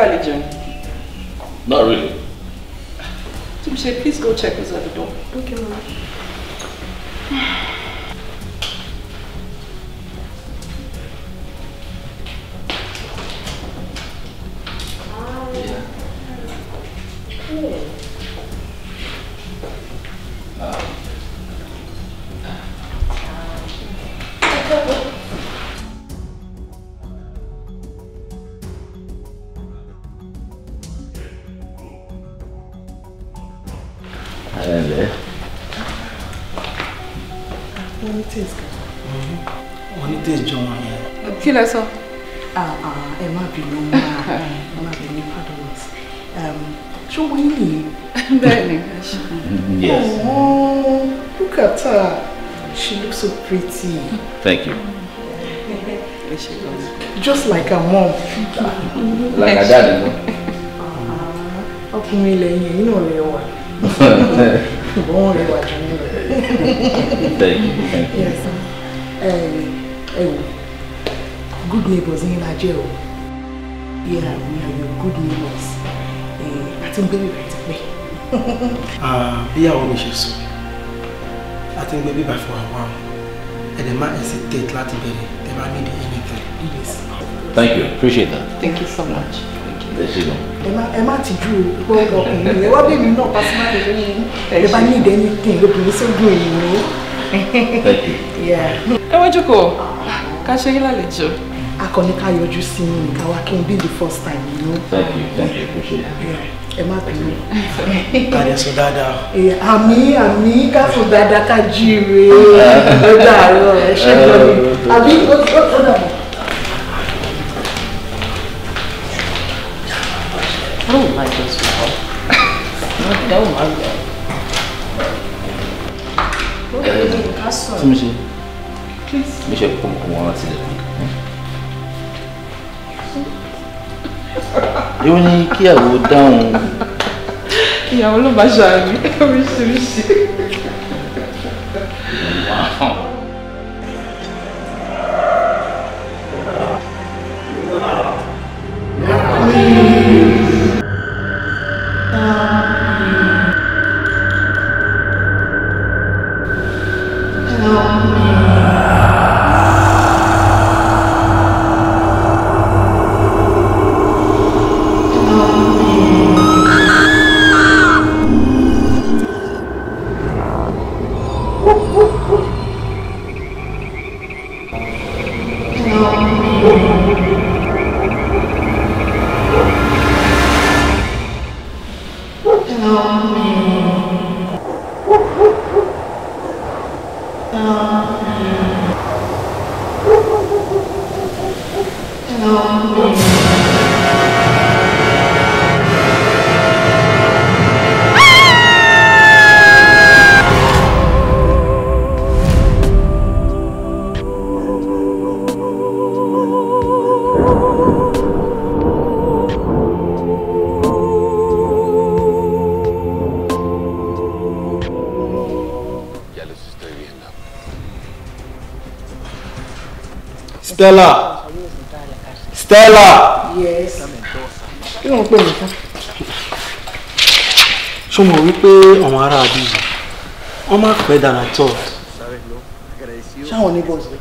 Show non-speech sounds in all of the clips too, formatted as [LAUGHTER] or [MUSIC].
Carly Jane? Not really. Timshay, please go check who's at the door. Okay, ma'am. kí lẹ sọ. Ah, ah, ẹ má bínú máa [LAUGHS] ah, ẹ má bínú pardon us ṣé wọ́n yín nìyí. bẹ́ẹ̀ni. Mm, yes. Oh, look at her she looks so pretty. thank you. [LAUGHS] just like her mom. [LAUGHS] like her dad. ọkùnrin lẹ́yìn ẹ̀yìn náà lẹ́wà. Bom, eu admiro. Thank you. Yes. É, eu um, good neighbors yín la jẹ́ o yeah we are your good neighbors àti ń gbé bíbá ti pẹ́. bíyàwó [LAUGHS] ah, mi ṣe sọ àti ń gbé bíbá fún àwa ẹ̀dẹ̀ má hesitate láti baby. tẹ̀ bá nídìí anything. thank you appreciate that. thank you so much. thank you. Thank you you ẹ má ti ju ọkùnrin yẹn wá bèbí náà pàṣípàdé lóyún ẹ bá ní you tì lóbìnrin sógun èyí ni. ẹ wá jókòó ká ṣe yín lálejò akọni ká yọjú sí mi ká wá the first time you know. thank you thank you appreciate it. ẹ please. bínú. [LAUGHS] káàdì sùn dáadáa. Eh, àmì àmì ká sùn dáadáa ká jíire ó dàárọ̀ ẹ ṣe é lọ́ni àbí ó dàbọ̀. I don't like this one. I don't like that. Please. Please. Please. Please. Please. Please. Please. Please. Please. Please. Please. ó ní kíyàwó dáhùn. ìyàwó ló bá ṣàánú oríṣiríṣi. Stella. Stella. Yes. Kí ló ń pè mí fún? Ṣé mo wí pé àwọn ará àbí yìí, wọ́n máa pẹ́ dára tọ̀? Ṣáwọn oníbọ̀ sí.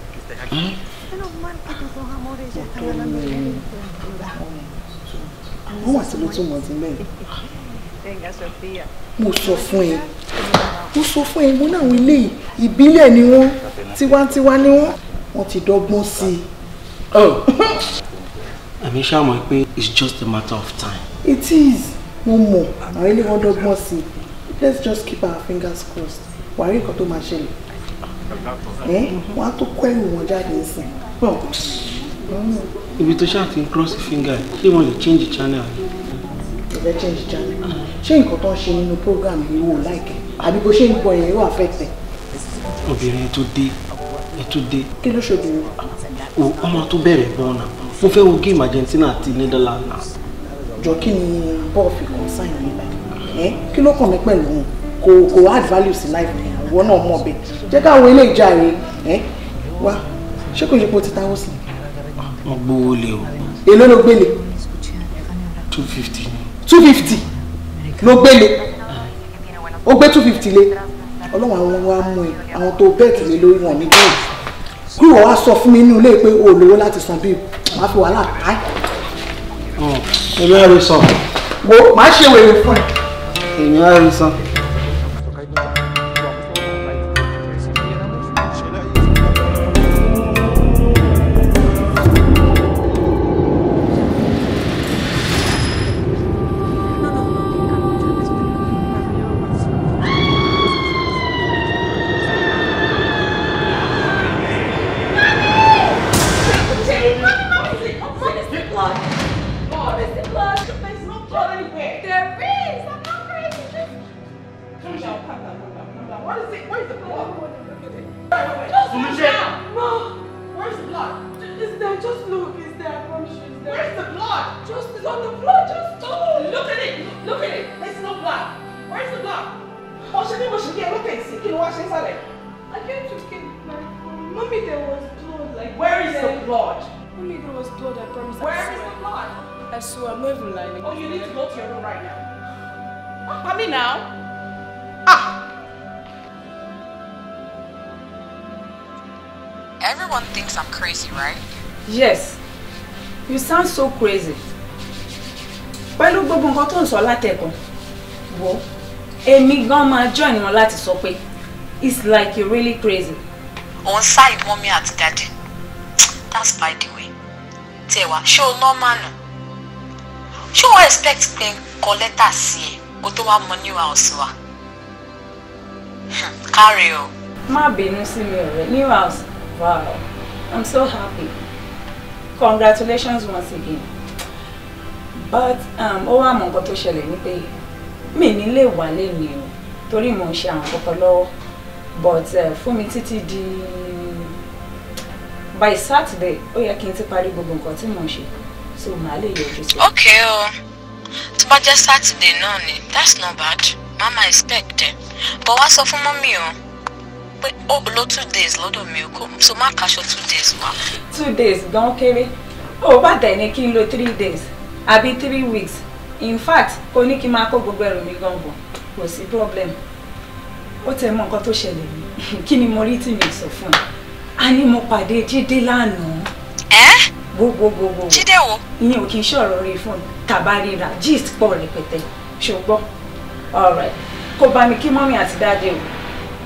Wọ́n wà sí ló mọ̀ sí mẹ́rin. Mo sọ fún ẹ. Mo sọ fún ẹ, mo náà wọ ilé ìbílẹ̀ ni wọ́n, tiwantiwa ni wọ́n wọ́n ti dọ́gbọ́n sí i. ẹ̀mí oh. [LAUGHS] ṣàmọ̀ pé it's just a matter of time. it is mo mọ̀ àwọn ilé wọn dọ́gbọ́n sí i let's just keep our fingers crossed wàá rí nǹkan tó máa ṣẹlẹ̀ ẹ wọn á tó kọ́ ẹ̀rù wọn jáde sí i. Oh. Mm. ibi tó ṣáàfin cross finger ṣé wọn lè change the channel. ìfẹ́ change the channel ṣé nǹkan tó ń ṣe nínú program yìí wò láìpẹ́ àbí bó ṣe ń gbọ́ yẹn yóò affect ẹ̀. obìnrin tó dé ètùdé. kí ló ṣojú wọn. o ọmọ tó bẹ̀rẹ̀ bọ́n náà mo fẹ́ wo géèmù Argentina àti Netherlands náà. jọ kí ni bọ́ọ̀ fi kàn sáyìn nígbà yẹn kí ló kàn mí pẹ̀lú kò kò add value sí life mi ìwọ náà mọ̀ bẹ́ẹ̀ jẹ́ káwọn ilé ìjà rẹ̀ wá ṣé kò yẹ kó ti táwọ́ sí. mo gbowó lé o. èló ló gbélé. two fifty. two fifty ló gbélé o ah. gbé two fifty lé ọlọ́run àwọn wa mú ẹ àwọn tó bẹ́ẹ̀tì lé lórí wọn ní bẹ́ẹ̀ kí wá sọ fún mi nínú ilé pé o lówó láti san bíi màá fi wàhálà ká. èmi á rí san. wo màá ṣe wèrè fún ẹ. èmi á rí san. go anywhere. There is. I'm not crazy. Just come down, come down, come down, come down. What is it? Where is the blood? Just look down. No. Where is the blood? Is there. Just look. Is there. I promise you. It's there. Where is the blood? Just it's on the floor. Just oh. Look at it. Look at it. There's no blood. Where is the blood? Oh, she didn't. She can't. Look at it. you wash it, Sally? I can't. Just get my Mommy, there was blood. Like where is there. the blood? Mommy, there was blood. I promise. Where I is the blood? I swear, I'm not even lying. Oh, you need to go to your room right now. Ah, me now. Ah! Everyone thinks I'm crazy, right? Yes. You sound so crazy. Pẹ̀lú gbogbo nǹkan tó ń sọ látẹ̀kùn, gan máa join wọn láti sọ pé it's like you're really crazy. Òun ṣáì mọ́mí àti daddy. That's by the way. Tẹ̀wá, ṣé o nọ́ọ̀mà ṣé wọ́n expect pé n kọ lẹ́tà sí ẹ kó tó wá mọ new house wa hmm, káre o. má bínú sí mi ọ̀rẹ́ new house wow i'm so happy congratulations once again but um, ó wá mọ nǹkan tó ṣẹlẹ̀ ní pé mi ní lè wà lẹ́yìn o torí mò ń ṣe àwọn kọ̀ọ̀kan lọ́wọ́ but eh, fún mi títí di by saturday ó yẹ kí n ti parí gbogbo nǹkan tí mò ṣe so màá lè yọjú sí. ok o tó bá jẹ́ sátidé náà ni that's not bad mama expect ẹ̀ but wá sọ fún mọ́mí o pé ó lo two days lọ́dọ̀ mi o so má kaṣọ two days wá. two days gan kéré ó bá tẹ̀ ní kí n lo three days àbí three weeks in fact kò ní kí n máa kó gbogbo ẹrù mi gan bọ̀ kò sí problem ó tẹ mọ nǹkan tó ṣẹlẹ̀ mi [LAUGHS] kí ni mo rí tí mi sọ fún ẹ a ní mo pàdé Jídé lánàá. ẹ́ eh? gbogbogbogbo. jíde wo. ìyẹn ò kì í ṣọ̀rọ̀ orí fóònù tàbá ríra gist pọ̀ rẹpẹtẹ ṣùgbọ́n alright kò bá mi kí mọ́mí àti dáadé o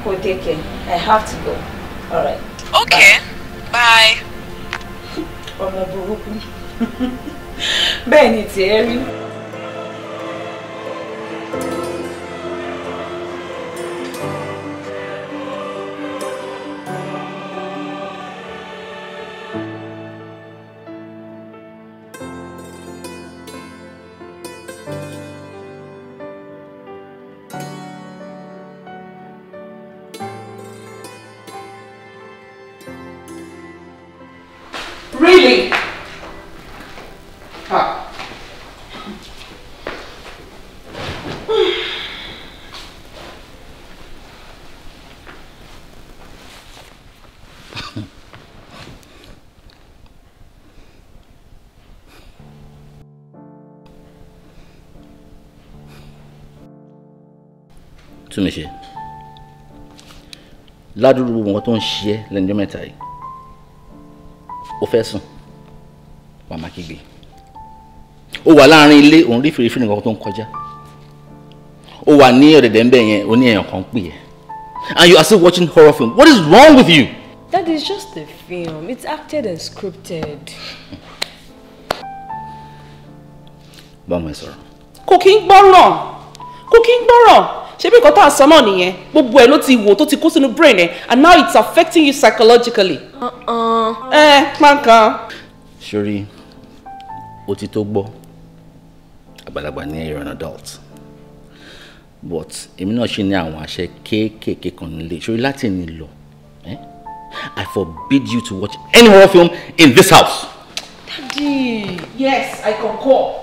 kò take care i have to go All right. okay bye. ọmọ burúkú [LAUGHS] bẹ́ẹ̀ ni tiẹ̀ rí. tún ṣe ládùúgbò gbogbo tó ń ṣe ẹ́ lẹ́njọ́ yìí ó fẹ́ sùn wàá má kígbe ó wà láàrin ilé òun rí fèrèfèrè nǹkan tó ń kọjá ó wà ní ọ̀dẹ̀dẹ̀ ń bẹ̀ yẹn ó ní èèyàn kan pè ẹ́ and you are still watching horror film what is wrong with you. that is just a film it's acted and scripted. bá ọmọ ẹ sọ̀rọ̀. kò kí ń gbọ́ràn kò kí ń gbọ́ràn ṣebí nǹkan tó à ń sọ náà nìyẹn gbogbo ẹ ló ti wò tó ti kó sínú brain ẹ and now it's affecting you psychologically. ẹ uh-uh. eh, pàǹkan. sori o ti tó gbọ́ àgbàlagbà ni you're an adult but èmi náà ṣì ní àwọn àṣẹ kéékèèké kan nílé sori láti ní lọ eh, I forbid you to watch any horror film in this house. Daddy yes I concur.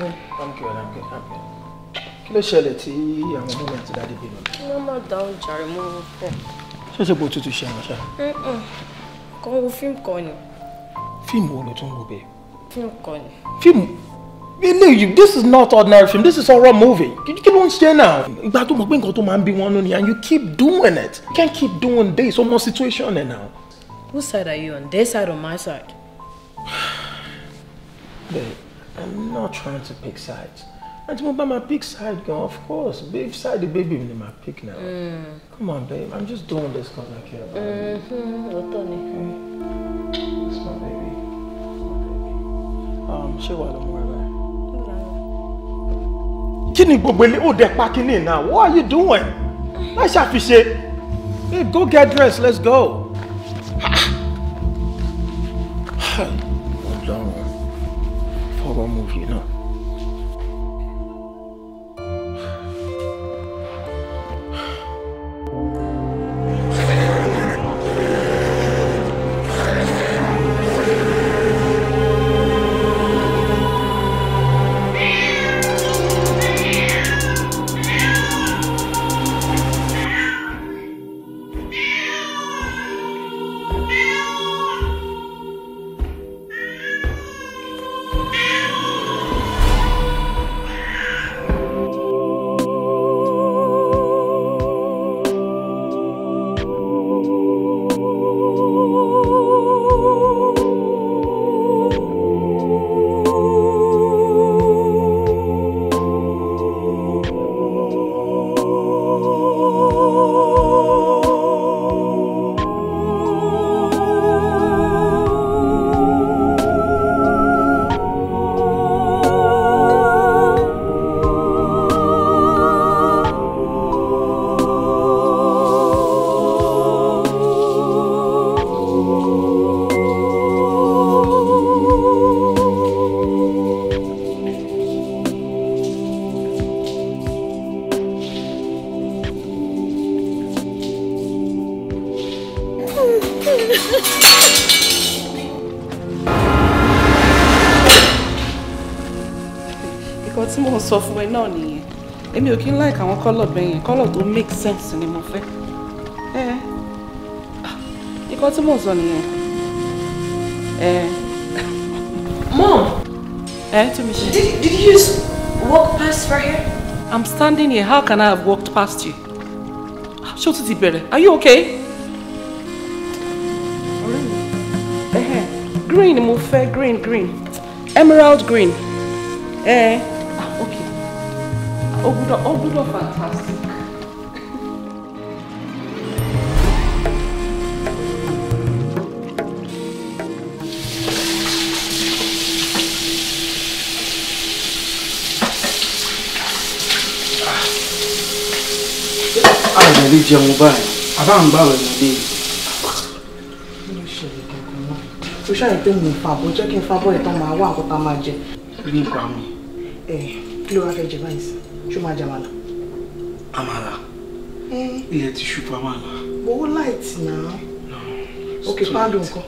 sir. I'm good, I'm good, I'm good. Kí ló ṣẹlẹ̀ tí àwọn ọmọ mi àti dáadé bínú? Wọ́n máa dá ọjà rẹ̀ mọ́ wọn pọ̀. Ṣé ṣe bó tutù ṣe àwọn ṣá? Kò ń wo fíìmù kan ni. Fíìmù wo ló tún wo bẹ́ẹ̀? Fíìmù kan ni. Fíìmù eléyìí this is not ordinary film this is horror movie kí ló ń ṣe náà. ìgbà tó mọ̀ pé nǹkan tó máa ń bí wọn lónìí and you keep doing it you can't keep doing this more situation ẹ̀ náà. whose side are you on their side or my side. [SIGHS] bẹ́ẹ̀ I'm not trying to pick sides. And mo my pick side girl. of course. Babe side the baby in my pick now. Mm. Come on, babe. I'm just doing this because I care about mm -hmm. you. Ọ̀tọ̀ mm-hmm, ni. Okay. It's my baby. Um, ṣé wàá lọ mú ẹ báyìí? Kí ni gbogbo ilé ó dẹ What are you doing? Let's have ṣàfiṣe. Hey, go get dressed. Let's go. Ọlọ́run. [SIGHS] horror movie, you know. náà nìyẹn èmi ò kí ń like àwọn kọ́lọ̀ bẹ́yẹn kọ́lọ̀ tó make sense ni mo fẹ́ ẹ ikọ́ tí mò ń sọ nìyẹn ẹ. mom. ẹ tún mi ṣe. did did you just walk past right here. i'm standing here how can i have walked past you. ṣé o tún ti bẹ̀rẹ̀ are you okay. green ni mo fẹ́ green green emerald green. Eh ó gbúdọ̀ ó gbúdọ̀ fantastic. àrùn ilé jẹun báyìí àbáwọn gbàwé ìmọ̀lẹ́ yìí. mo ṣẹlẹ̀ kankan náà ó ṣàyẹ̀ pé mo ń fa àbọ̀ jẹ́ kí n fa bọ́ ìtàn máa wá àkọ́kọ́ máa jẹ. rí ipa ẹ kí ló wá fẹ́ jẹ báyìí sí ṣó máa jàmàlà. àmàlà ilẹ̀ ti ṣubú àmàlà. owó láìtì náà ok pàdùn nǹkan.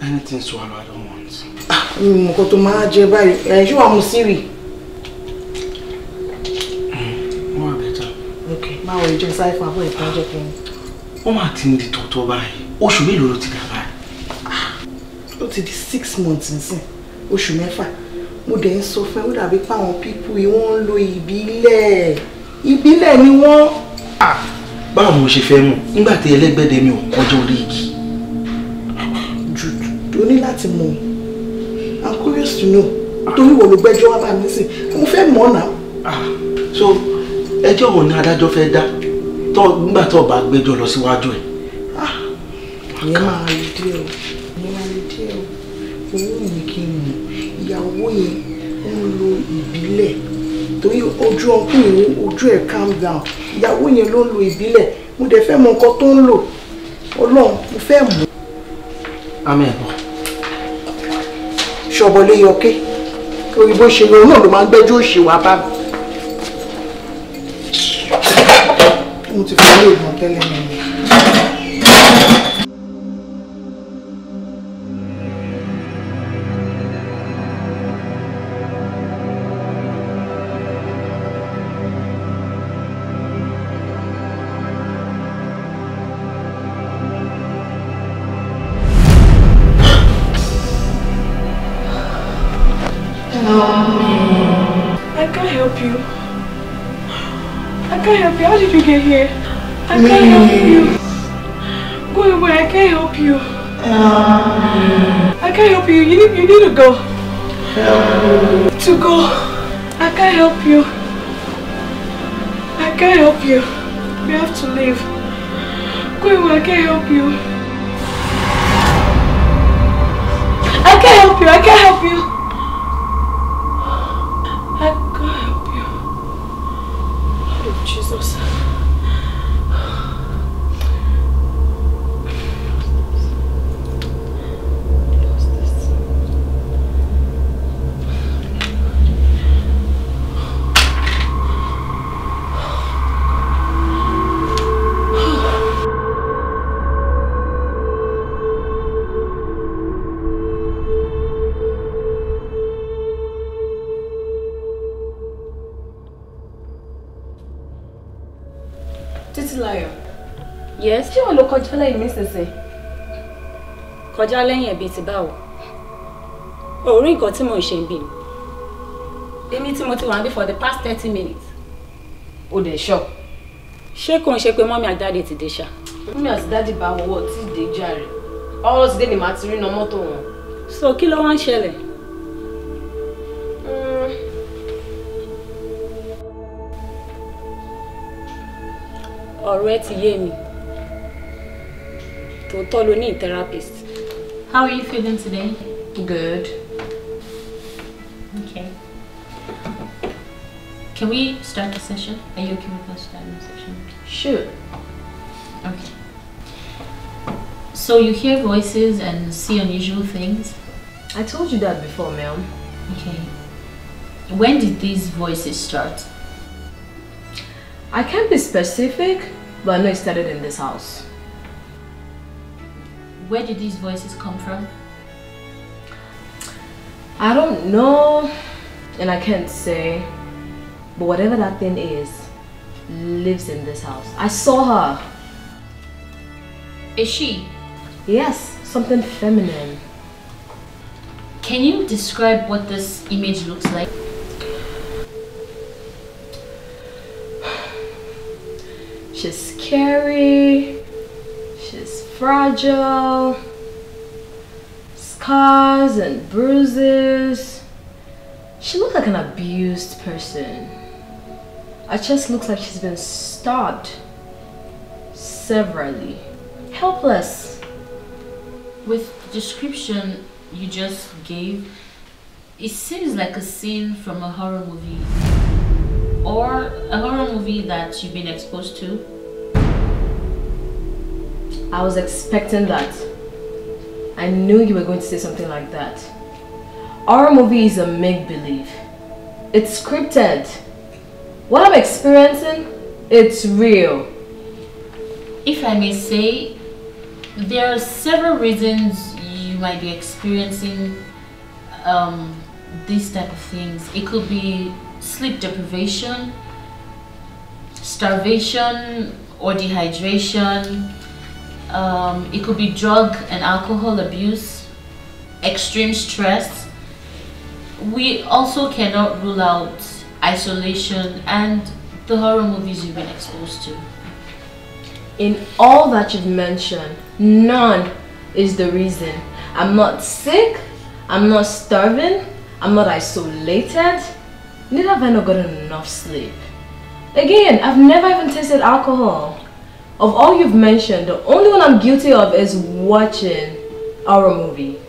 anything swallow i don't want. Ah, nǹkan tó máa jẹ báyìí ẹ̀ ṣé wàá mu sírì. Hmm, wọ́n wà bẹ́tà. ok báwo ìjọ sáìfà àbọ̀ ìpàjẹ́ kí ni. wọ́n máa ti ń di tọ̀tọ̀ báyìí oṣù mélòó ló ti dà báyìí. Ah, ó ti di six months nsìn oṣù mẹ́fà mo dẹ̀ ń sọ fún ẹ ó dàbí pé àwọn pípú yìí wọ́n ń lo ìbílẹ̀ ìbílẹ̀ ni wọ́n. báwo mo ṣe fẹ́ mọ̀ nígbà tí ẹlẹ́gbẹ́dẹ mi ò kọjá orí igi. jùdù o ní láti mọ̀ i'm curious to know torí wo ló gbẹ́jọ́ wá bá mi sí mo fẹ́ mọ̀ náà. so ẹjọ́ wo ni adájọ́ fẹ́ dá nígbà tó o bá gbẹ́jọ́ lọ síwájú ẹ̀. Ah, ìyẹn máa rí díẹ̀ o ìyẹn máa rí díẹ̀ o owó mi kì í ìyàwó yẹn ó lo ìbílẹ̀ torí ojú ọkùnrin yẹn ojú ẹ̀ calm down ìyàwó yẹn ló lo ìbílẹ̀ mo dẹ̀ fẹ́ mọ nǹkan tó ń lò ọlọ́run mo fẹ́ mọ̀. amen. ṣọ̀bọ̀lé yọké orí bó ṣe yan náà ló máa ń gbẹ́jọ́ òṣèwà bá mi. mo ti fọ́ ní tẹ́lẹ̀ mi. help you. I can't help you. How did you get here? I can't help you. Go away. I can't help you. I can't help you. You need, you need to go. To go. I can't help you. I can't help you. You have to leave. Go away. I can't help you. I can't help you. I can't help you. lẹ́yìn mi ṣẹ̀ṣẹ̀. kọjá lẹ́yìn ẹ̀bí ti báwo òórí nǹkan tí mò ń ṣe ń bì mí èmi tí mo ti wà ń bí for the past thirty minutes. o dẹ̀ sọ. ṣé kò ń ṣe pé mọ́mí àdáde ti dé ṣá. mọ́mí àti dáàdì bá wọ́wọ́ tí ì dé jàre ọwọ́ ti dé ni màá ti rí iná mọ́tò wọn. so kí ló wá ń ṣẹlẹ̀. Hmm. ọ̀rọ̀ ẹ ti yé mi. tó tọ́ ló therapist. How are you feeling today? Good. Okay. Can we start the session? Are you okay with us starting the session? Sure. Okay. So you hear voices and see unusual things? I told you that before, ma'am. Okay. When did these voices start? I can't be specific, but I know it started in this house where did these voices come from? I don't know, and I can't say, but whatever that thing is, lives in this house. I saw her. Is she? Yes, something feminine. Can you describe what this image looks like? She's scary fragile, scars and bruises. She looked like an abused person. Her chest looks like she's been stabbed severally. Helpless. With the description you just gave, it seems like a scene from a horror movie or a horror movie that you've been exposed to I was expecting that. I knew you were going to say something like that. Our movie is a make-believe. It's scripted. What I'm experiencing, it's real. If I may say, there are several reasons you might be experiencing um, these type of things. It could be sleep deprivation, starvation or dehydration, um, it could be drug and alcohol abuse, extreme stress. We also cannot rule out isolation and the horror movies you've been exposed to. In all that you've mentioned, none is the reason. I'm not sick, I'm not starving, I'm not isolated, neither have I not gotten enough sleep. Again, I've never even tasted alcohol. Of all you've mentioned, the only one I'm guilty of is watching horror movie.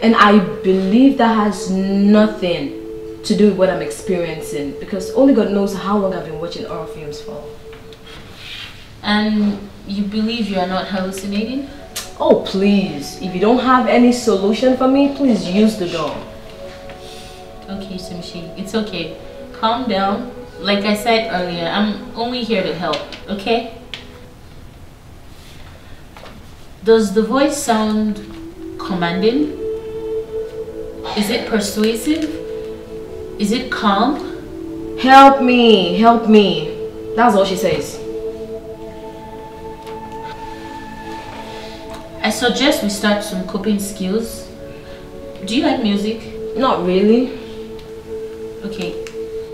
And I believe that has nothing to do with what I'm experiencing because only God knows how long I've been watching horror films for. And you believe you are not hallucinating? Oh, please. If you don't have any solution for me, please use the door. Okay, Sumshi. It's okay. Calm down. Like I said earlier, I'm only here to help, okay? Does the voice sound commanding? Is it persuasive? Is it calm? Help me, help me. That's all she says. I suggest we start some coping skills. Do you like music? Not really. Okay.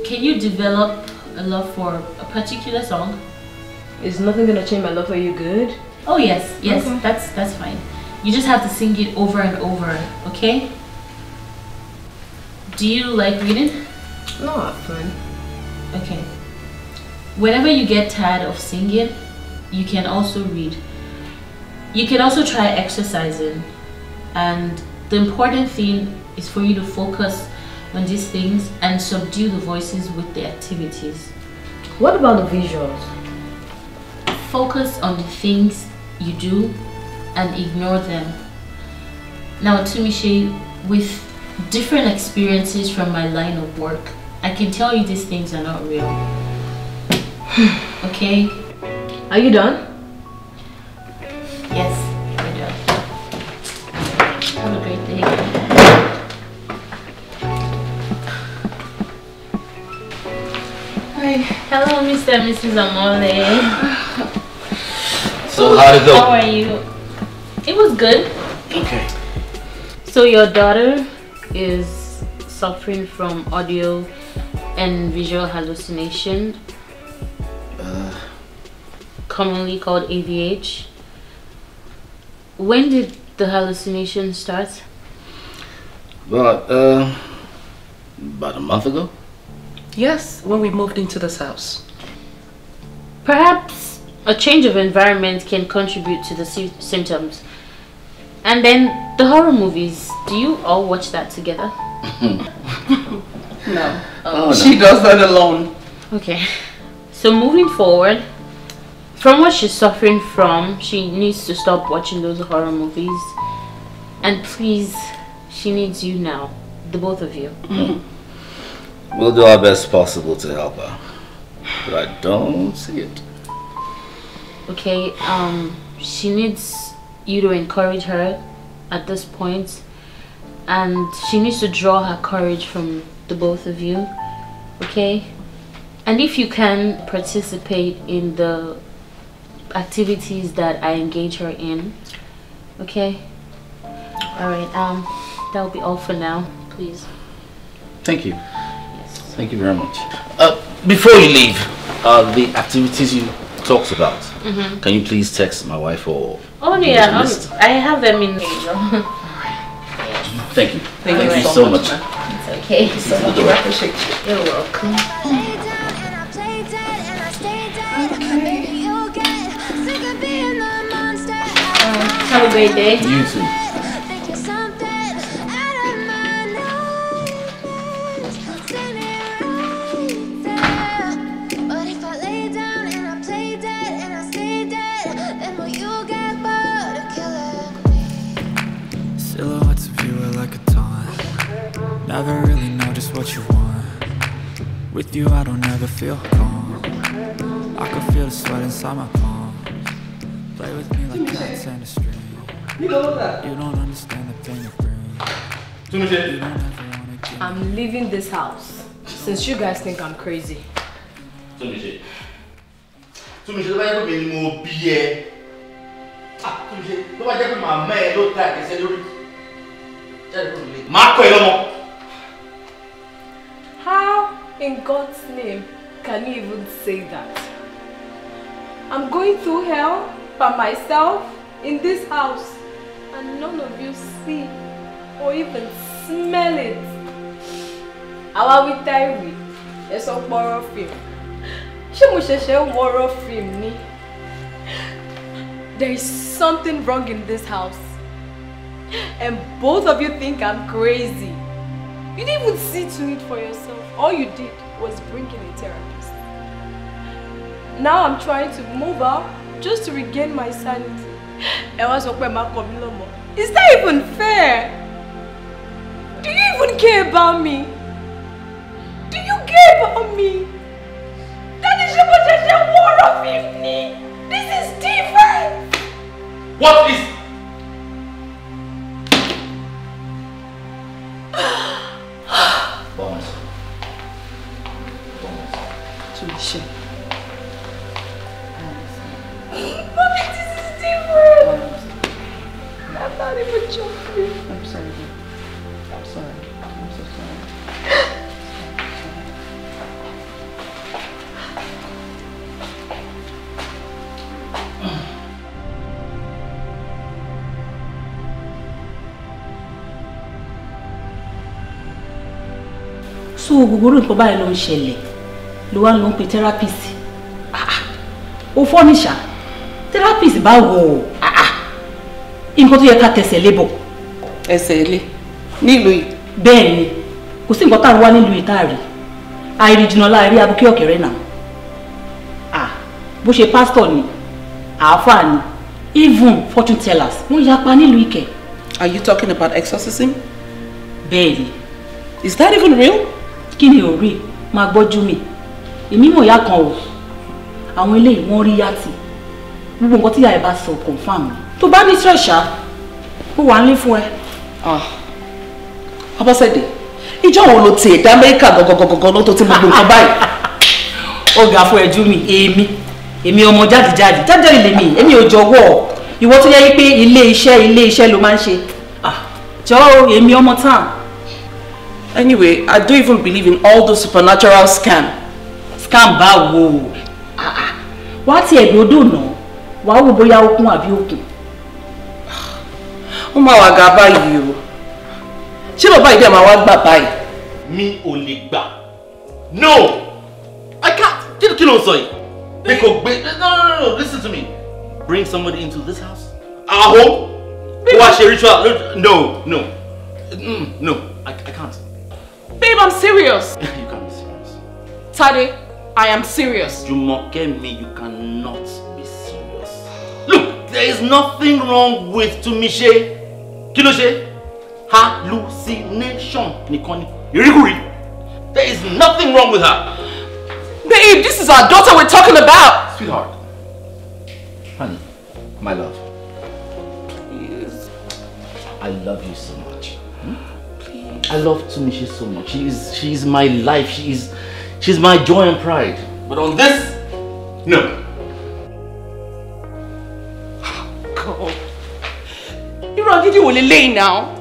Can you develop a love for a particular song? Is nothing gonna change my love for you good? Oh yes, yes, okay. that's that's fine. You just have to sing it over and over, okay? Do you like reading? Not fun. Okay. Whenever you get tired of singing, you can also read. You can also try exercising. And the important thing is for you to focus on these things and subdue the voices with the activities. What about the visuals? Focus on the things you do and ignore them. Now, to Michelle, with different experiences from my line of work, I can tell you these things are not real. [SIGHS] okay? Are you done? Yes, I'm done. Have a great day. Hi. Hello, Mr. and Mrs. Amole. [SIGHS] [LAUGHS] So how it go? How are you? It was good. Okay. So your daughter is suffering from audio and visual hallucination, uh. commonly called AVH. When did the hallucination start? Well, uh, about a month ago. Yes, when we moved into this house. Perhaps a change of environment can contribute to the symptoms. And then the horror movies, do you all watch that together? [LAUGHS] no. oh, um, no. She does that alone. Okay. So moving forward, from what she's suffering from, she needs to stop watching those horror movies. And please, she needs you now. The both of you. We'll do our best possible to help her. But I don't see it okay um she needs you to encourage her at this point and she needs to draw her courage from the both of you okay and if you can participate in the activities that I engage her in okay all right um that will be all for now please thank you yes. thank you very much uh, before you leave uh, the activities you talked about. Mm -hmm. Can you please text my wife or? Oh yeah, um, I have them in. Thank you. Thank, Thank you, so, so much. much. It's okay. It's so I appreciate you. You're welcome. Um, have a great day. You too. feel calm I can feel the sweat inside my palm. Play with me like cats and a string You don't understand the pain of brings I'm leaving this house Since you guys think I'm crazy tó ah, How in God's can you even say that? I'm going through hell by myself in this house and none of you see or even smell it. Àwa wí táìrì, ẹ sọ a fíìmù. film. mo ṣẹ̀ṣẹ̀ ń wọ́rọ́ fíìmù ni? There is something wrong in this house. And both of you think I'm crazy. You didn't even see to it for yourself. All you did was bring it. Now I'm trying to move out just to regain my sanity. Ẹ wá sọ pé má Is that even fair? Do you even care about me? Do you care about me? is ṣe mo ṣẹ̀ṣẹ̀ war of ni. This is different. What is Bones. Bones. Tuition. I'm sorry. I'm sorry. I'm so sorry. so gbogbo nǹkan báyìí ló ń ṣẹlẹ̀ ló wá ló ń pe therapist ó ah, ah. fọ́ nìṣá therapist báwo ah, nǹkan tó yẹ ká tẹsẹ̀ lébọ̀ ẹsẹ̀ ilé nílùú yìí. bẹ́ẹ̀ ni kò sí nǹkan tá à ń wá nílùú yìí tá a rí àìrí jìnnà láàrí abúké ọ̀kẹ́rẹ́ náà à bó ṣe pásítọ̀ ni àáfàá ni even fortune tellers wọ́n yapa nílùú Ìkẹ́. are you talking about exorcism. bẹ́ẹ̀ is that even real. kí ni ò rí máa gbọ́jú mi èmi mọ̀ ìyá kan o àwọn eléyìí wọ́n rí yàtì gbogbo nǹkan tí ìyá ẹ̀ bá sọ confam ni. tó bá ní tíṣẹ̀ṣà ó wà ń lé fún ẹ. Ah, Abọ́sẹ̀dé ìjọ wo lo tiẹ̀ dá Amẹ́ríkà gangan ló to ti gbogbo nǹkan báyìí. ó ga fún ẹjú mi èmi èmi ọmọ jáde-jáde jáde lèmi èmi ò jọ̀wọ́ to tó yẹ pé ilé iṣẹ́ ilé iṣẹ́ ló máa ń ṣe ah, jọ èmi ọmọ tán. anyway i don't even believe in all those supernatural scam. scam báwo ah, ah. wàá tiẹ̀ gbódò náà wàá wò bóyá ó kún àbí ó kún ó máa wà ga báyìí o ṣé bàbá yìí dẹ̀ máa wá gbà báyìí. mi ò lè gbà no i can't kí ló ń sọ yìí pé kò gbé no no no listen to me bring somebody into this house our home kó wá ṣe ritual no no mm, no i, I can't. babe i'm serious. [LAUGHS] you can't be serious. Tade i am serious. Jumoke me you cannot be serious. look there is nothing wrong with Tumise. kí ṣe hallucination nìkan ni there is nothing wrong with her. babe this is our daughter we're talking about. sweetheart honey my love please i love you so much. Hmm? Please. I love Tumishi so much. She is, she is my life. She is, she's my joy and pride. But on this, no. You wò lay now.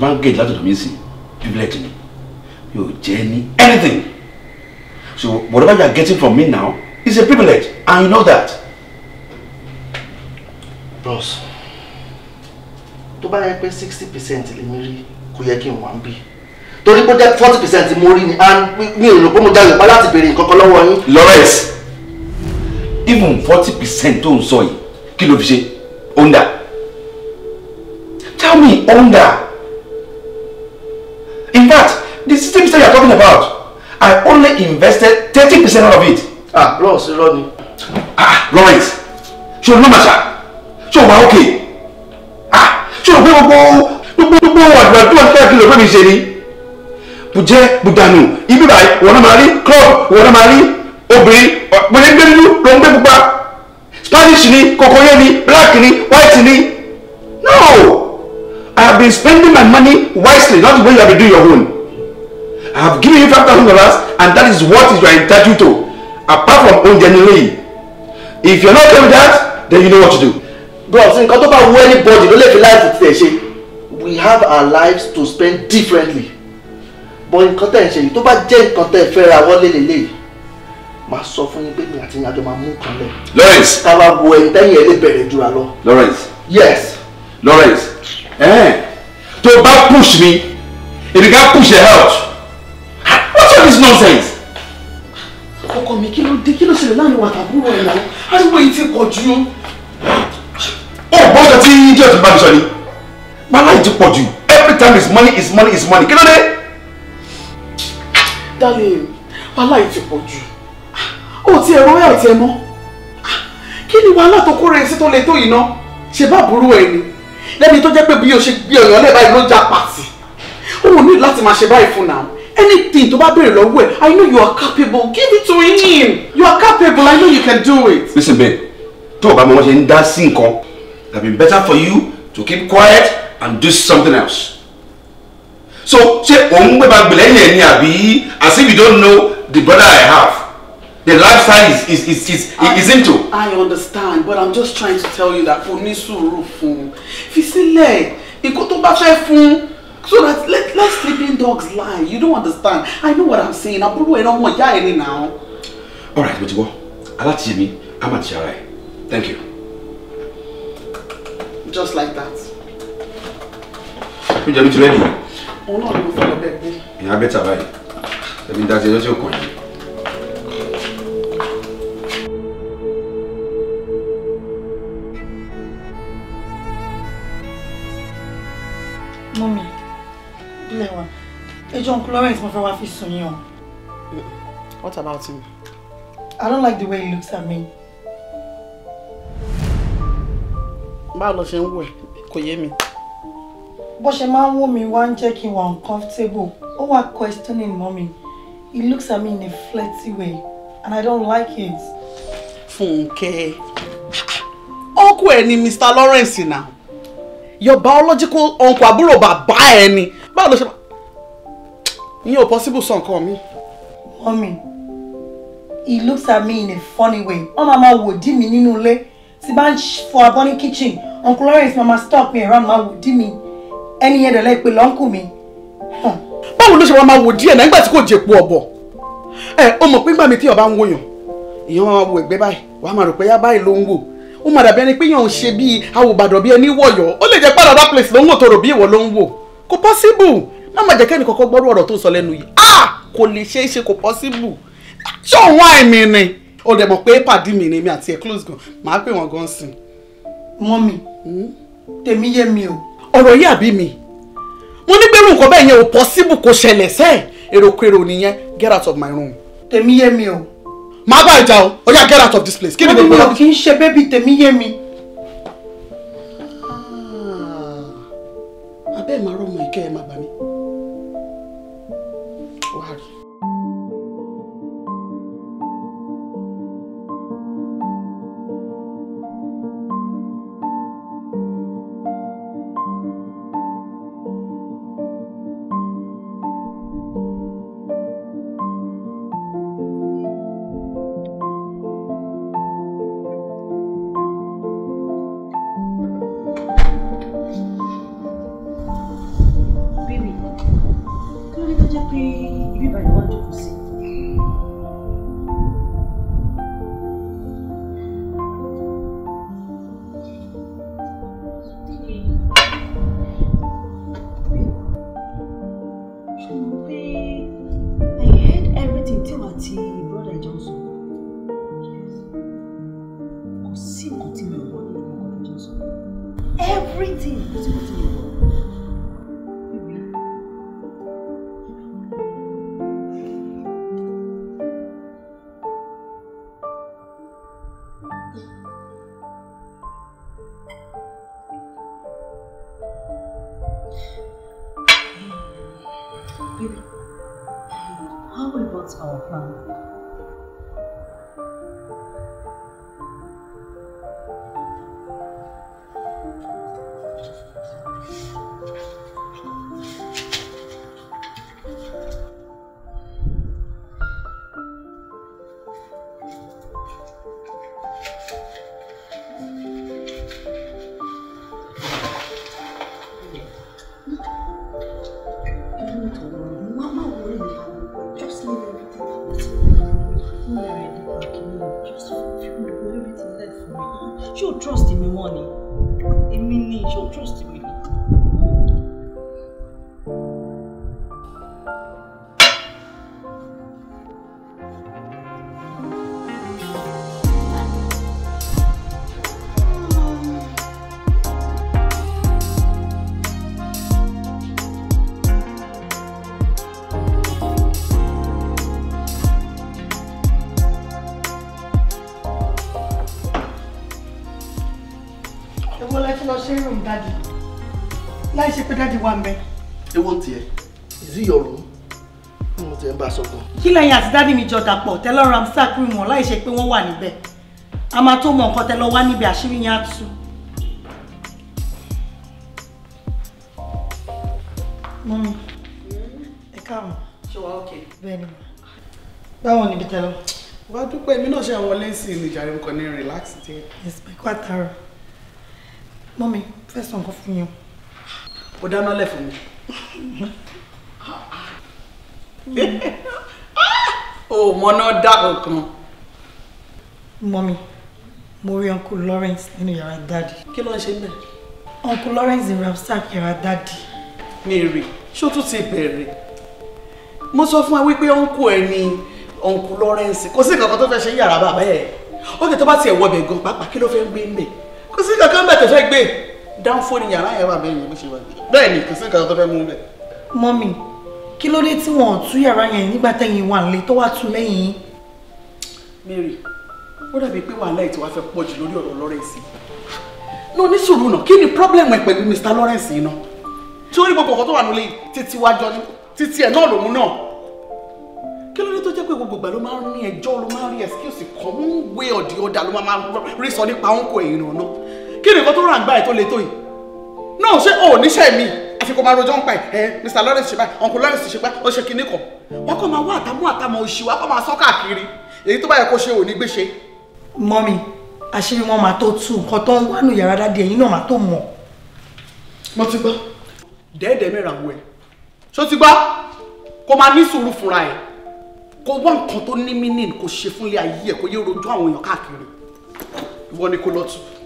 bá ń gèdè látọ̀dọ̀ mi sí privilege ni mi jẹ́ ní anything so whatever you are getting from me now is a privilege and you know that. bros tó bá yẹ pé sixty percent lèmi rí kò yẹ kí n wà ń bì torí pé forty percent mo rí ni and mi ò rò pé mo jáde pa láti béèrè nǹkan lọ́wọ́ yín. Lawrence even forty percent tó ń sọ yìí kí ló fi ṣe onda tell me onda fact, the system that you're talking about, I only invested 30% of it. Ah, Ross, Ronnie. Ah, Lawrence, ṣé o ní màṣá? Ṣé o wà okay? Ah, ṣé o pé go, gbogbo gbogbo àdúrà tó wà ní káàkiri lọ́pẹ́ mi ṣe ni? Bùjẹ́ Bùdànù, ibi báyìí, wọ́n náà máa rí club, wọ́n náà máa rí obìnrin, pẹ̀lú gbé dúdú ló ń gbé pupa. Spanish ni, kòkòyé ni, black ni, white ni. No! have been spending my money wisely, not the way you have been doing your own. I have given you five thousand dollars, and that is what you are entitled to, apart from own generally. If you're not okay with that, then you know what to do. Bros, nǹkan tó bá wú anybody ló lè fi láìpù tiẹ̀ ṣe. We have our lives to spend differently. But nǹkan tẹ̀ ń ṣe yìí tó bá jẹ́ nǹkan tẹ̀ fẹ́ ra wọlé lélẹ́yìí. Màá sọ fún yín pé mi àti ìyájọ́ máa mú kan lẹ̀. Lawrence. Ká wá wo ẹni tẹ́yìn ẹ̀ lè bẹ̀rẹ̀ jura lọ. Lawrence. Yes. Lawrence. Eh, tó bá push mi èmi ká push your health what's all this nonsense. ọkọ mi kí ló dé kí ló ṣẹlẹ̀ láàrin wàtàbúrò ẹ̀ náà ariwo yìí ti pọ̀ jù. ó bọ́ọ̀dọ̀ tí jẹ́ òtún bá mi sọ ni pálá yìí ti pọ̀ jù every time is money is money is money kí ló dé. darling wàhálà yìí ti pọ̀ jù ó ti ẹ̀rọ ẹ̀ ọ̀tí ẹ̀ mọ́ kí ni wàhálà tó kóra ẹ̀ sí tó le tó yìí ná ṣe bá burú ẹ̀ ni lẹ́ni tó jẹ́ pé bí o ṣe gbé ọ̀yàn lẹ́ẹ̀ báyìí ló ń já pàtì òun ní láti máa ṣe báyìí fún náà anything tó bá béèrè lọ́wọ́ ẹ̀ I know you are capable give it to him you are capable I know you can do it. listen babe tó o bá mọ wọn ṣe ń dá sí nǹkan it had been better for you to keep quiet and do something else. so ṣé òun gbé ba gbẹ̀lẹ́yìn ẹ̀ ni àbí as if you don't know the brother I have the lifestyle is is is is, I, is into. I understand but I'm just trying to tell you that kò ní sùúrù fún fi sílẹ̀ nǹkan tó bá fẹ́ fún so that let let sleeping dogs lie you don't understand I know what I'm saying àbúrò ẹ̀rọ ọmọ ìyá ẹ̀ ni now. alright mo ti go. aláti mi a máa ti ara ẹ̀ thank you. just like that. oúnjẹ mi ti rẹ́ẹ̀dì. òun náà ni mo fẹ́ lọ bẹ́ẹ̀ gbé. ìyá bẹ́tà báyìí ẹ̀mí dájú ẹjọ́ tí ó kàn yín. John Lawrence, my wife is Sunyon. What about him? I don't like the way he looks at me. Báwo lo ṣe ń wò ẹ́? Kò yé mi. Bó ṣe máa ń uncomfortable. Ó wà questioning mommy. He looks at me in a flirty way and I don't like it. Funke, uncle ẹ Mr. Lawrence now. Your biological uncle àbúrò bàbá any ni ìyẹn ò possible son nǹkan me, mommy. he looks at me in a funny way Oh, mama máa wò dí mi nínú ilé tí bá ń kitchen uncle lawrence mama stop me around máa wò dí mi ẹni yẹn dẹ̀ lẹ́pẹ́ lọ́nkù mi. báwo ló ṣe wá máa wò díẹ̀ náà nígbà tí kò jèpo ọ̀bọ̀ ẹ o mọ̀ pé gbàmí téèyàn bá ń wòyàn èèyàn máa wo ẹ̀gbẹ́ báyìí wàá máa rò pé yá báyìí ló ń wò ó máa dàbí ẹni pé yàn ń ṣe bíi awòbàdàn bíi ẹni place ló ń wò tó rò bí ìwọ possible má má jẹ́ kẹ́ni kọ́kọ́ gbọ́rú ọ̀rọ̀ tó sọ lẹ́nu yìí ah kò lè ṣeé ṣe kò possible ṣé òun àìmì ni o dẹ̀ mọ̀ pé pàdí mi ni mi àti ẹ̀ close gan màá pè wọ́n gan sí. mọ́mì hmm? tèmi yé mi o. ọ̀rọ̀ yìí àbí mi mo ní gbẹ́rù nǹkan bẹ́ẹ̀ yẹn ò possible kò ṣẹlẹ̀ sẹ́ẹ̀ èròkèrò nìyẹn get out of my room. tèmi yé mi o. màá bá ìjà o ó yá get out of this place. kí ni mo lọ. kì í ṣe bébì tèmi yé mi. Ah! abẹ́ ẹ̀ máa rọ́ ọmọ ìkẹ́ ẹ̀ máa gbà mí. God money. It means you trust me. tẹ̀yìn àti dádì mi jọ dàpọ̀ tẹ́lọ́ ramsar cream wọn láì ṣe pé wọ́n wà níbẹ̀ a máa tó mọ nǹkan tẹ́lọ́ wá níbi àṣírí yẹn á tú. mọ́mí ẹ káàmù. ṣé wàá òkè. bẹ́ẹ̀ ni mà. báwo níbi tẹ́lọ́. wàá dúpẹ́ èmi náà ṣe àwọn lẹ́sìn ìjàre nǹkan ní relax díẹ̀. ẹ̀sìn kó àtàrà mọ́mí fẹ́ sọ nǹkan fún yín. ó dáná lẹ̀ fún mi. [LAUGHS] Oh, ò mọ́ná dá kankan. mọ́mi mo uncle Lawrence you know dáàdì. kí ló ń ṣe bẹ́ẹ̀. uncle Lawrence rapsack yàrá daddy. Mary ṣó tún ti bẹ̀rẹ̀ mo sọ fún ẹ wípé uncle ẹ ni uncle Lawrence kò sí kankan tó fẹ́ ṣe yàrá bàbá ẹ̀ ókè tó bá tiẹ̀ wọ bẹ̀ gan pàápàá kí ló fẹ́ gbé ń bẹ̀ kò sí kankan bẹ̀ tó fẹ́ gbé Down fóònù yàrá yẹn wà bẹ́ẹ̀ ni bó ṣe wà bẹ́ẹ̀ ni kò sí kankan tó fẹ́ mú bẹ̀. mọ́mì kí ló dé tí wọn ò tú yàrá yẹn nígbà tẹ́yìn wà nílé tó wá tú lẹ́yìn. Mary ó dàbí pé wàhálà yìí ti wá fẹ́ pọ̀ jù lórí ọ̀rọ̀ Lawrence yìí ní onísùúrù náà kí ni pírọ́blẹ̀mù ẹ̀ pẹ̀lú Mr Lawrence yìí náà tí ó rí gbogbo ọkọ̀ tó wà nílé títí wájọ ní títí ẹ̀ náà lòun náà kí ló dé tó jẹ́ pé gbogbo ìgbà ló máa ń ní ẹjọ́ ló máa ń rí excuse kan ń wé ọ̀dì ọ̀dà ló máa ń rí sọ nípa òǹkọ ẹ̀yìn náà kí ni nǹkan tó rà ń gbà ẹ̀ tó le tó yìí náà ṣe kó máa rojọ́ ń pa ẹ̀ Mr Lawrence ṣe báyìí uncle Lawrence ṣe báyìí ó ṣe kinní kan wọ́n kọ́ máa wá àtàmú àtàmú òṣì wá kọ́ máa sọ́ káàkiri èyí tó bá yẹ kó ṣe ò ní gbé ṣe. mọ́mi àṣírí wọn máa tó tú nǹkan tó ń wánú yàrá dáadé ẹ̀yìn náà máa tó mọ̀. mo ti gbọ́ dẹ́ẹ̀dẹ́ mẹ́ra wo ẹ̀ ṣó ti gbọ́ kó máa ní sùúrù fúnra ẹ̀ kó wọ́n nǹkan tó ní mínìn kó ṣe fúnlé ayé ẹ̀ kó yẹ rojọ́ àwọn èèyàn káàkiri ìwọ ni kó lọ́tún.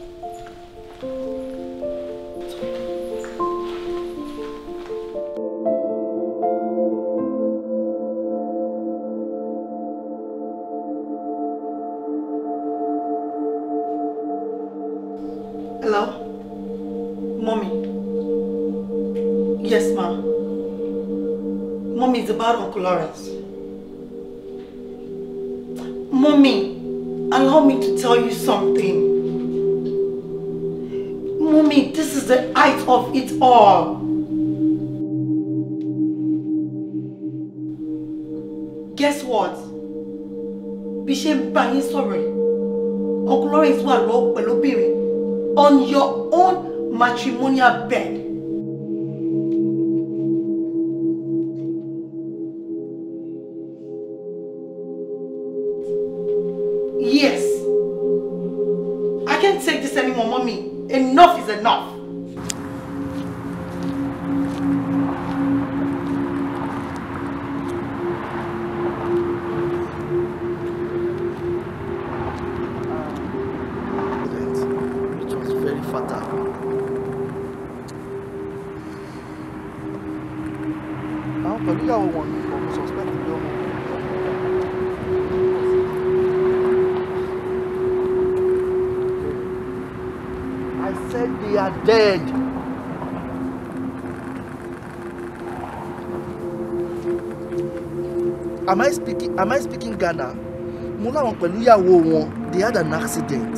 Uncle Lawrence. Mommy, allow me to tell you something. Mommy, this is the height of it all. Guess what? Bí ṣe sorry. bá yín sọ̀rọ̀ yìí, Uncle Lawrence wà lọ́wọ́ on your own matrimonial bed. enough. we are dead. Am I speaking am I speaking Ghana? Mula láwọn pẹ̀lú ìyàwó wọn they had an accident.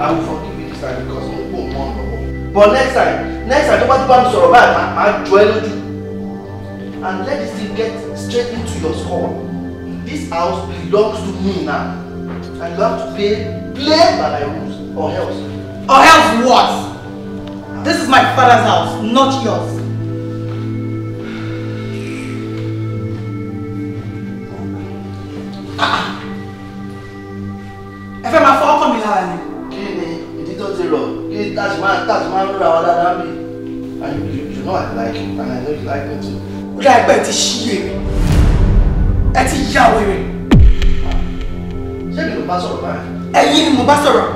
I will forgive you this time because mo kò mọ ọ̀rọ̀ bọ̀. But next time, next time don't bá tó bá mi sọ̀rọ̀ báyìí, màá máa And let this thing get straight into your skull. This house belongs to me now. And you have to play play by my rules or else. Or else what? This is my father's house, not yours. that's why I'm not that happy. And you, you, you know I like you, and I know you like me too. Ó dà pé ẹ ti ṣí èmi. Ẹ ti ya wèrè. Ṣé mi ló bá sọ̀rọ̀ báyìí? Ẹ̀yin so mo bá sọ̀rọ̀.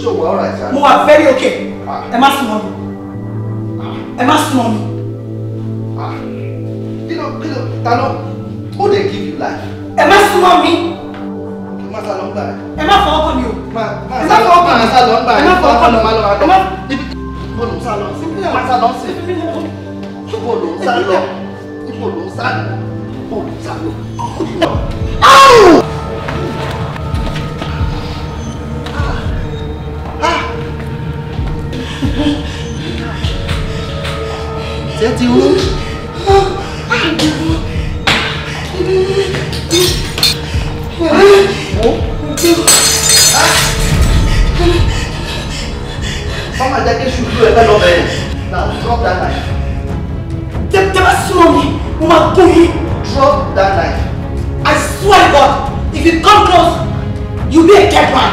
Ṣé o wà ọ̀rọ̀ àti very okay. Ah. Ẹ má súnmọ́ mi. Ah. Ẹ má ah. you know, you know. kí ló Who they give you life? Ẹ má súnmọ́ máa sá lọ ń gbà ẹ. ẹ má fọwọ́ kàn mí o. máa sá lọ máa sá lọ ń gbà ẹ. ẹ má fọwọ́ kàn mí o. máa lọ máa lọ. ibo ló ń sá lọ sí. máa sá lọ sí. ibo ló ń sá lọ. ibo ló ń sá lọ. ibo ló ń sá lọ. Você é de um. Mama jẹ́ kí ṣubú ẹ fẹ́ lọ bẹ̀rẹ̀. Now drop that knife. Tẹ́ bá súnmọ́ mi, mo máa kú yín. Drop that knife. I swear to God, if you come close, you be a dead man.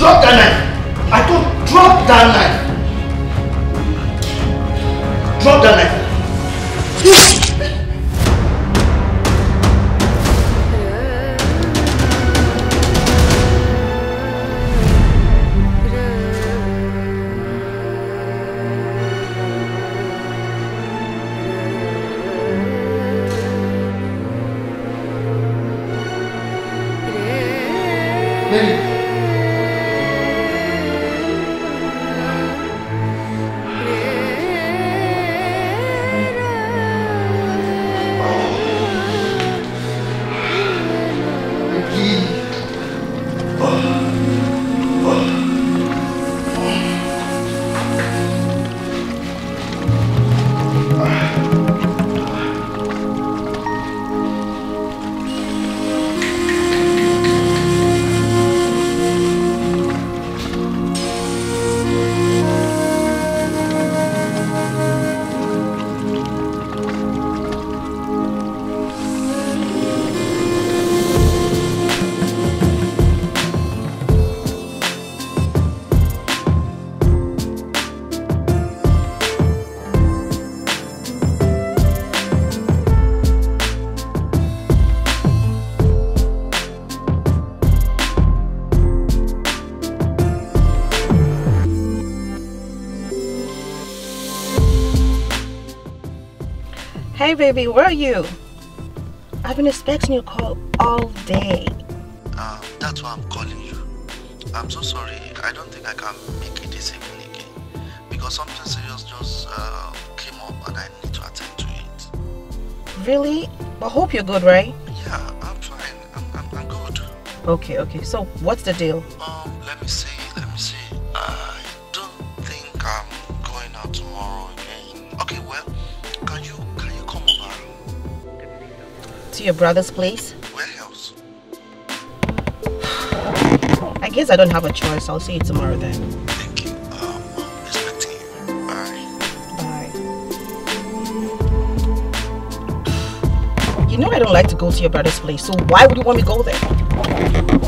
Drop that knife. I told drop that knife. God and baby, where are you? I've been expecting your call all day. Um, that's why I'm calling you. I'm so sorry. I don't think I can make it this evening again. Because something serious just uh, came up and I need to attend to it. Really? I hope you're good, right? Yeah, I'm fine. I'm, I'm, I'm good. Okay, okay. So, what's the deal? Um, let me see. your brother's place? Warehouse. [SIGHS] I guess I don't have a choice. I'll see you tomorrow then. Um, um, you know I don't like to go to your brother's place, so why would you want me to go there?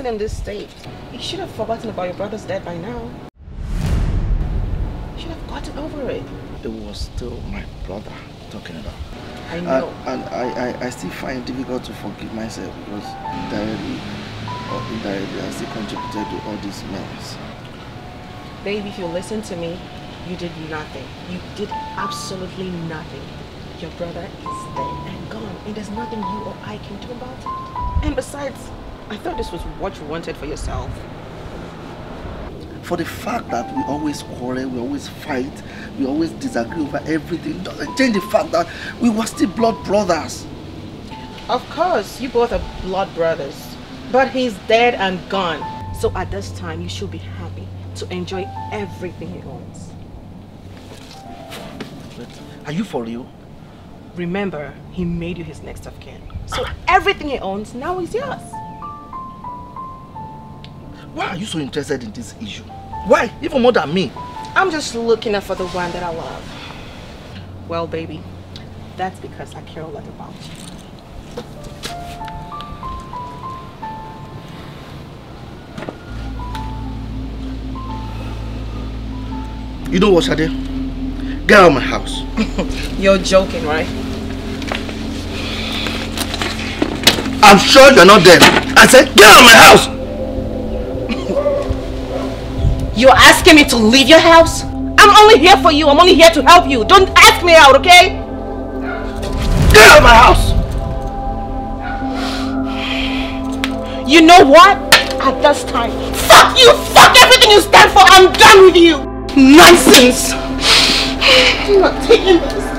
still in this state, you should have forgotten about your brother's death by now. You should have gotten over it. It was still my brother talking about. I know. And, I, I, I still find it difficult to forgive myself because indirectly or indirectly I still contributed to all these mess. Baby, if you listen to me, you did nothing. You did absolutely nothing. Your brother is dead and gone, and there's nothing you or I can do about it. And besides, I thought this was what you wanted for yourself. For the fact that we always quarrel, we always fight, we always disagree over everything, doesn't change the fact that we were still blood brothers. Of course, you both are blood brothers. But he's dead and gone. So at this time, you should be happy to enjoy everything he owns. Are you for real? Remember, he made you his next of kin. So everything he owns now is yours. Why are you so interested in this issue? Why? Even more than me. I'm just looking out for the one that I love. Well, baby, that's because I care a lot about you. You know what, Shade? Get out of my house. [LAUGHS] you're joking, right? I'm sure you're not there. I said, get out of my house! You're asking me to leave your house? I'm only here for you. I'm only here to help you. Don't ask me out, okay? Get out of my house! You know what? At this time, fuck you! Fuck everything you stand for! I'm done with you! Nonsense! I'm [SIGHS] not taking this.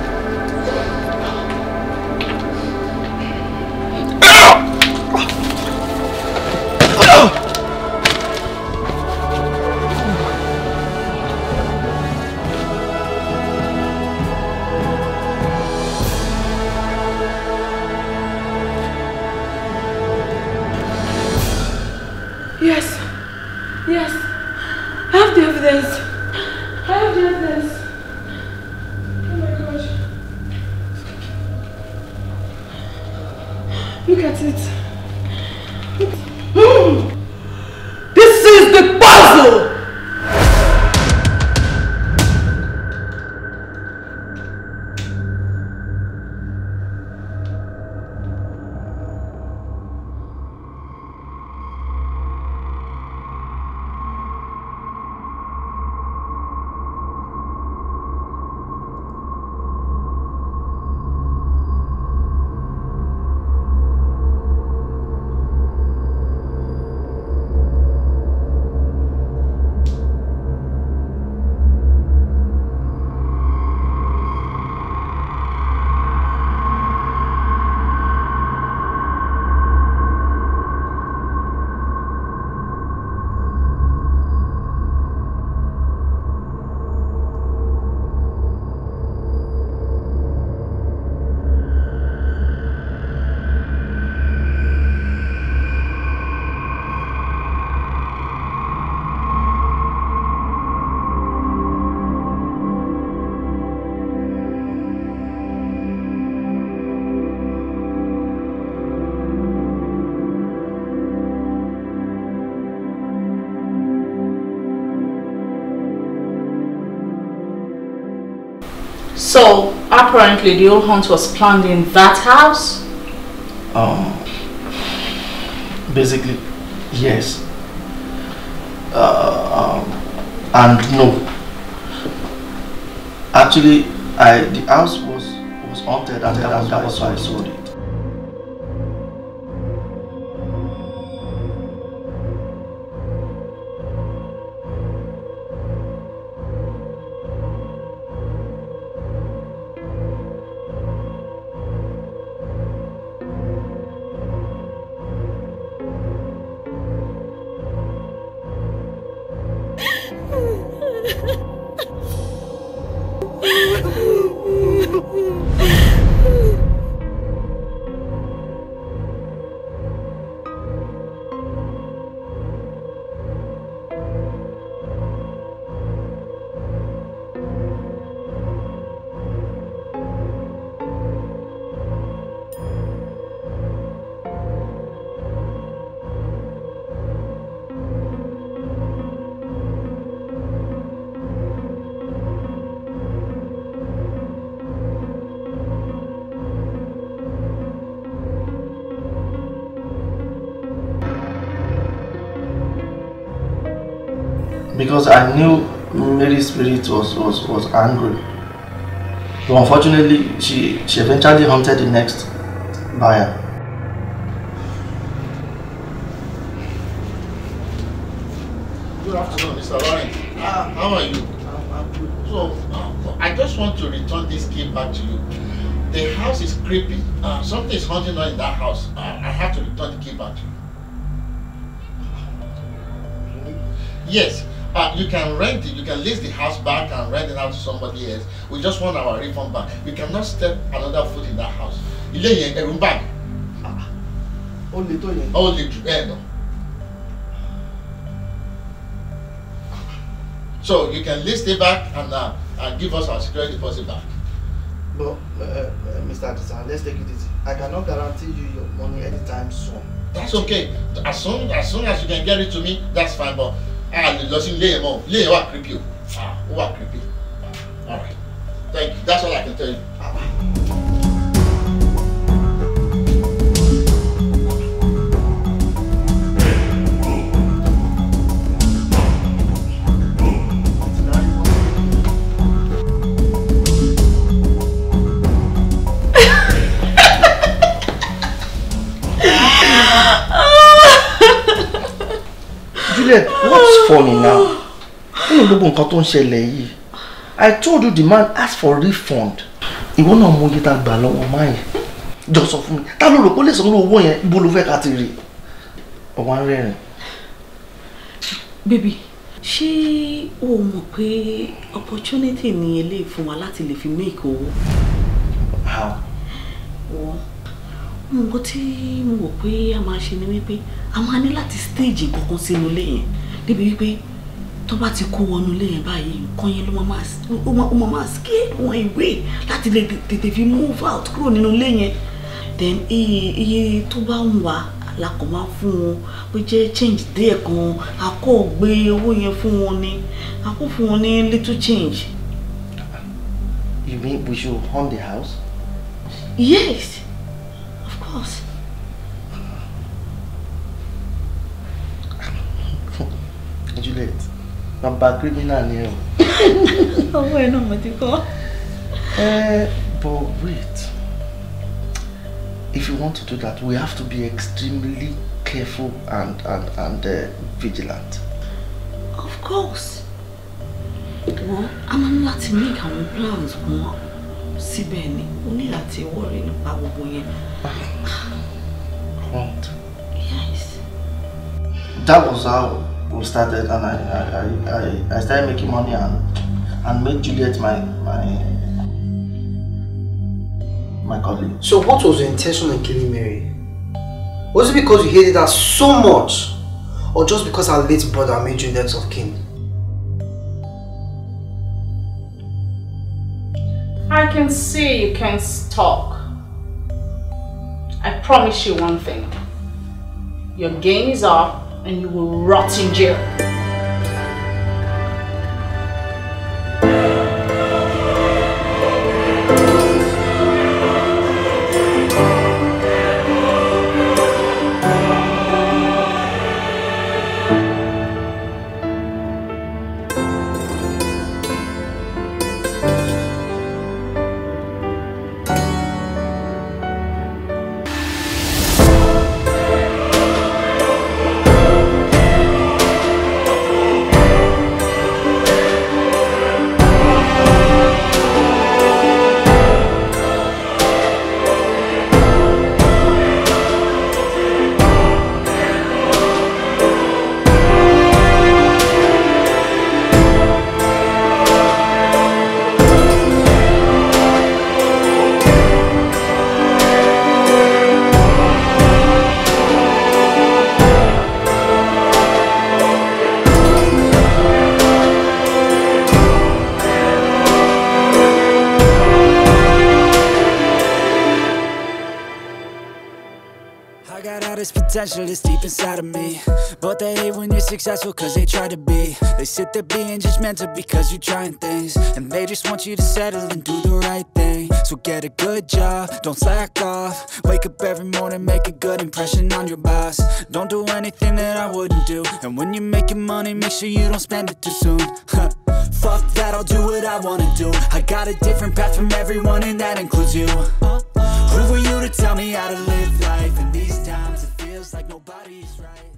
So apparently the old hunt was planned in that house? Um, basically, yes. Uh, um, and no. Actually, I the house was was haunted, and that was why I sold it. because I knew Mary's spirit was, was, was angry. So unfortunately, she, she eventually hunted the next buyer. Good afternoon, Mr. Ryan. Ah, how are you? So, I just want to return this key back to you. The house is creepy. Uh, something is haunting us in that house. You can rent it. You can lease the house back and rent it out to somebody else. We just want our refund back. We cannot step another foot in that house. You yẹn ẹ̀rù room back. Only two years. Only two years. So you can list it back and, uh, and give us our security deposit back. But uh, uh, Mr. Adisa, let's take it easy. I cannot guarantee you your money anytime soon. That's okay. As soon as soon as you can get it to me, that's fine. But a lè lọ sí ilé yẹn mọ́ ilé yẹn wà creepy o ah, ó wà creepy. Juliet, what's funny now? nínú gbogbo nǹkan tó ń ṣẹlẹ̀ yìí I told you the man asked for refund. ìwọ náà mú iye tá a gbà lọ́wọ́ máa yẹn jọ sọ fún mi ta ló rò pé ó lè sanwó owó yẹn ibo ló fẹ́ ká ti rí ọ̀wá ń rẹ́rìn. bébì ṣé o mọ̀ pé opportunity ni eléyìí fún wa láti lè fi make owó. how. wọ́n nǹkan tí mo wò pé a máa ṣe ni wípé a máa ní láti stage kankan sínú ilé yẹn débi wípé tó bá ti kó wọnú ilé yẹn báyìí nǹkan yẹn ló máa máa scale wọn ìwé láti lè tètè fi move out kúrò nínú ilé yẹn then iye tó bá ń wà la kò máa fún wọn pé jẹ́ change díẹ̀ kan a kò gbé owó yẹn fún wọn ni a kò fún wọn ní little change. You mean we should haunt the house? Yes course. Juliet, bàbá criminal ni o. [LAUGHS] Ọwọ́ ẹ̀ náà mo ti kọ́. Eh, but wait. If you want to do that, we have to be extremely careful and, and, and uh, vigilant. Of course. Well, I'm not to make our plans. Well, síbẹ̀ ni o ní láti wọ́ọ̀rì nípa gbogbo yẹn. Front. Yes. That was how we started and I, I, I, I started making money and, and made Juliet my, my, my colleague. So what was your intention in killing Mary? Was it because you hated her so much? Or just because her late brother made you next of kin? I can see you can't talk. I promise you one thing. Your game is up and you will rot in jail. potential is deep inside of me But they hate when you're successful cause they try to be They sit there being judgmental because you're trying things And they just want you to settle and do the right thing So get a good job, don't slack off Wake up every morning, make a good impression on your boss Don't do anything that I wouldn't do And when you're making money, make sure you don't spend it too soon Fuck that, I'll do what I wanna do I got a different path from everyone and that includes you Who were you to tell me how to live life? in these times feels like nobody's right